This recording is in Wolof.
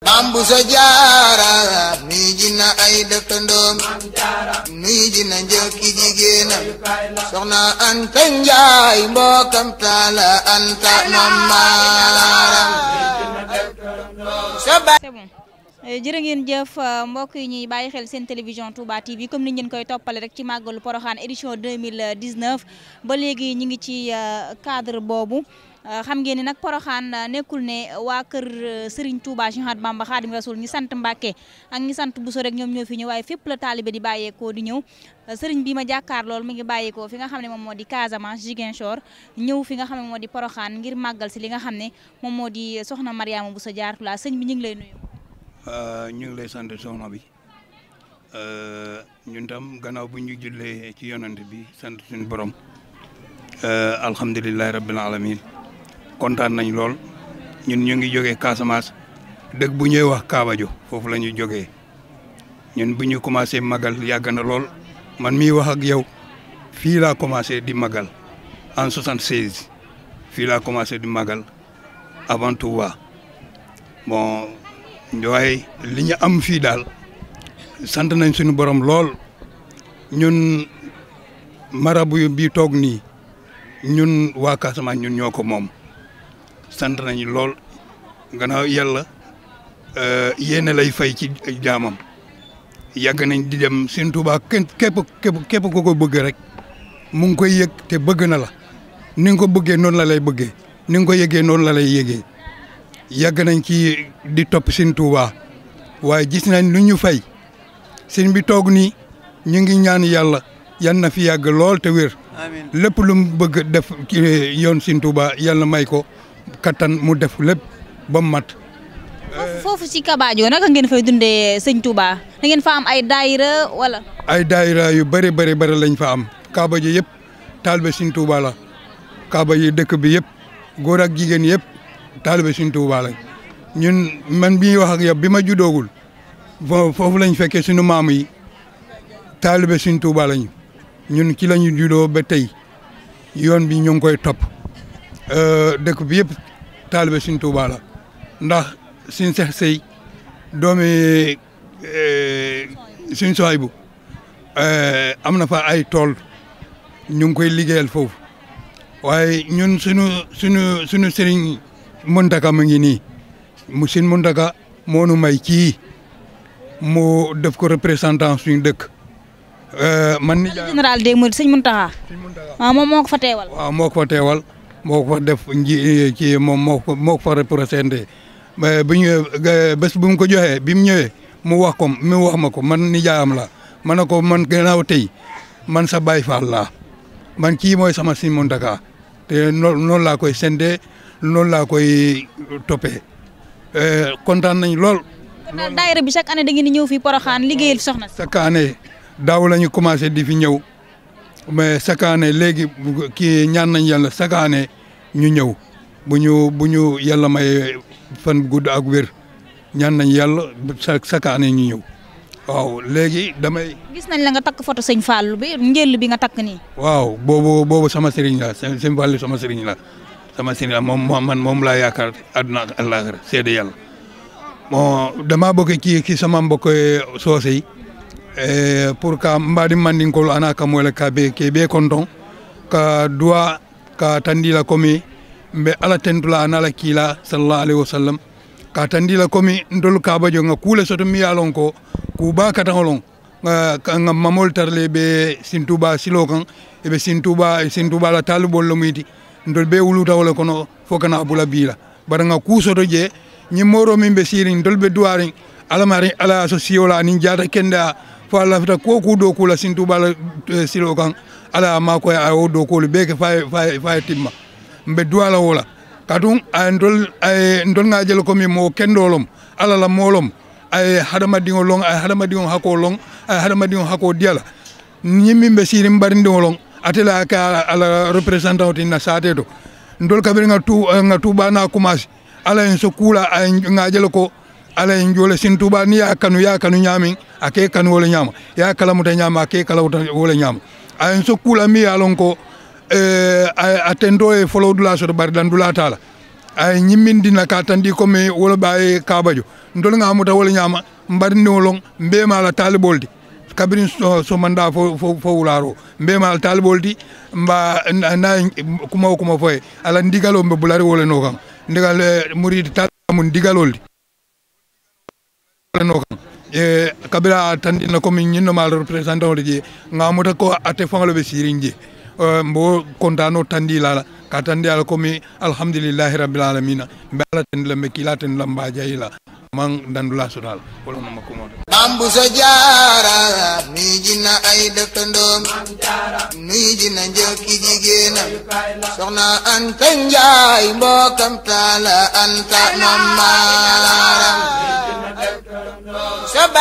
maam bu sa jaara nuy ji na ay dëkkandoom nuy ji na njëkki jigéenam soxna Anta Njaay mbokkam taala Anta maam maaram eh, ngeen jëf euh, mbokk yi ñuy bàyyi xel seen télévision Touba TV comme ni ngeen koy toppale rek ci màggalu Poroxaan édition 2019 ba léegi ñu ngi ci euh, cadre boobu Euh, xam ngeen ni nag poroxaan euh, nekkul ne waa kër euh, Serigne Touba Cheikh Ahmadou Bamba Khadim Rasoul ñi sant Mbacke ak ñi sant Bousso rek ñoom ñoo fi ñëw waaye fépp la taalibe di bàyyeekoo di ñëw Serigne bi ma jàkkaar mi ngi bàyyeekoo fi nga xam ne moom moo di Casamance Ziguinchor ñëw fi nga ne moo di poroxaan ngir màggal si li nga xam ne moom moo di soxna Mariama Bousso Diarra sëñ bi ñu ngi lay nuyu. ñu lay sant soxna bi ñun tam gannaaw bu ñu jullee ci yonent bi sant suñu borom alhamdulilah rabbil alamin kontaan nañ lool ñun ñu ngi jógee Casamance dëkk bu ñuy wax Kaabajo foofu la ñuy jógee ñun bu ñu commencé magal yàgg na lool man mii wax ak yow fii laa commencé di magal en 76 fii laa commencé di magal avantu wa bon waaye li ñu am fii daal sant nañ suñu borom lool ñun marabu bi toog nii ñun waa Casamance ñun ñoo ko moom. sant nañu lool gannaaw yàlla euh, yéene lay fay ci jaamam yàgg nañ di dem Sëñ Tuubaa kenn képp ko bëgg rek mu ngi koy yëg te bëgg na la ni nga ko bëggee noonu la lay bëggee ni nga ko yëgee noonu la lay yëgee yàgg nañ ci di topp Sëñ waaye gis nañ lu ñu fay sëñ bi toog nii ñu ngi ñaan yàlla yan na fi yàgg lool te wér lépp lum mu bëgg def yoon Sëñ Tuubaa yàlla may ko kattan mu def lépp ba mu mat. foofu ci Kabaajo naka ngeen fay dundee sëñ Touba da ngeen ay daayira wala. ay daayira yu bëri bëri bëri lañ fa am Kaaba ji yëpp taalibe sëñ la Kaaba yi dëkk bi yëpp góor ak jigéen yëpp taalibe sëñ Touba ñun man bi wax ak yow bi ma judoogul foofu lañ fekkee suñu maam yi taalibe sëñ Touba ñun ci lañu judoo ba tey yoon bi ñu ngi koy topp. Euh, dëkk bi yëpp taalibe Sëñ Tuubaa la ndax Sëñ Seex Sey doomi euh, Sëñ Suwaybu euh, am na fa ay tool ñu ngi koy liggéeyal foofu waaye ñun suñu suñu suñu sëriñ Mountakha mu ngi nii mu Sëñ Mountakha moo nu may kii mu def ko représentant suñu dëkk. man ni général des Mourides Sëñ Mountakha. Sëñ Mountakha waaw ah, moom moo ko fa teewal. waaw moo ko fa teewal. moo ko fa def nji ci moom moo ko moo ko fa représenté bu ñëwee bés bu mu ko joxee bi mu ñëwee mu wax ko mu wax ma ko man nijaayam la ma ne ko man gannaaw tey man sa Baay Faal laa man kii mooy sama Sëñ Muntaxa te noonu laa koy sendee noonu laa koy toppee euh, kontaan nañ lool. kon daal daayira bi chaque année da ngeen di ñëw fii Porokhane liggéeyal soxna si. chaque année daaw la ñu commencé di fi ñëw. mais chaque année léegi kii ñaan nañ yàlla chaque année ñu ñëw bu ñu bu ñu yàlla may fan gudd ak wér ñaan nañ yàlla chaque année ñu ñëw waaw léegi damay. gis nañ la nga takk photo sëñ Fallou bi njël bi nga takk ni waaw boobu boobu sama sëriñ la sëñ Fallou sama sëriñ la sama sëriñ la moom man moom laa yaakaar àdduna ak àllaaxira seede yàlla moo dama bokk ki ci sama mbokk soose yi e pour ka mbaɗi mandinkol ana ka moyle ka be ke ɓe konton ka duwa ka tandila komi mbe ala tentula ana ala kiila sallallahu alayhi wa sallam ka tandila komi ndol kabajo ga kuule soto miya lon ko kuba kataholon ga mamol tarle ɓe sintuba silo kan eɓe sintuba e sintuba la talibol lo muyti ndol ɓe wulutawole kono fo kana abula biila bara ga kuusoto je ñimmoro min ɓe sirin ndol ɓe duwarin alamari ala so siyola anin jata kende fa lafita ko ku do kula sintu bala eh, silo kan ala ma ko ay o do kulu beke fa fa fa timma mbe duwala wala katun ay ndol ay ndol ngajel ko mi mo kendolom ala la molom ay hadama dingo long ay hadama dingo hako long ay hadama dingo hako diala nyimmi mbe sirim barindingo long atela ka ala representant na sate do ndol kabir eh, nga tu nga tuba na kumasi ala en sokula ay ngajel ko ala en joola sin tuba ni ya kanu ya kanu ñaamin a ke kanu wole ñaama ya kalamuta ñaama a ke kalamuta wole ñaama ayen so kuula mi ye lon ko eh, a tento ye folow dula soto bari dan dula tala aye ñimmindina ka tandi comme wolo ɓaye kabajo ntolga muta wole ñaama mbarniwo lon mbemala taaliboldi kabini somanda fo fo wularo mbemala taaliboldi mba nayi kuma o kuma foye ala ndigalo mbe bulari woleno kam ndigal eh, muridi tal mun no kan e kabila tandina komin ñinno mal représentant le je ngamuta ko ate fangalo be sirinje mbo kontano tandi lala ka tandi ala komi alhamdulillahi rabbil alamin mbala tan lambe kila tan a jayila man dandula sudal wala no makko moto bambu so jaara mi jina ay dëkkandoo mi jina njoki soxna Anta Njaay mbokkam taala Anta mamaram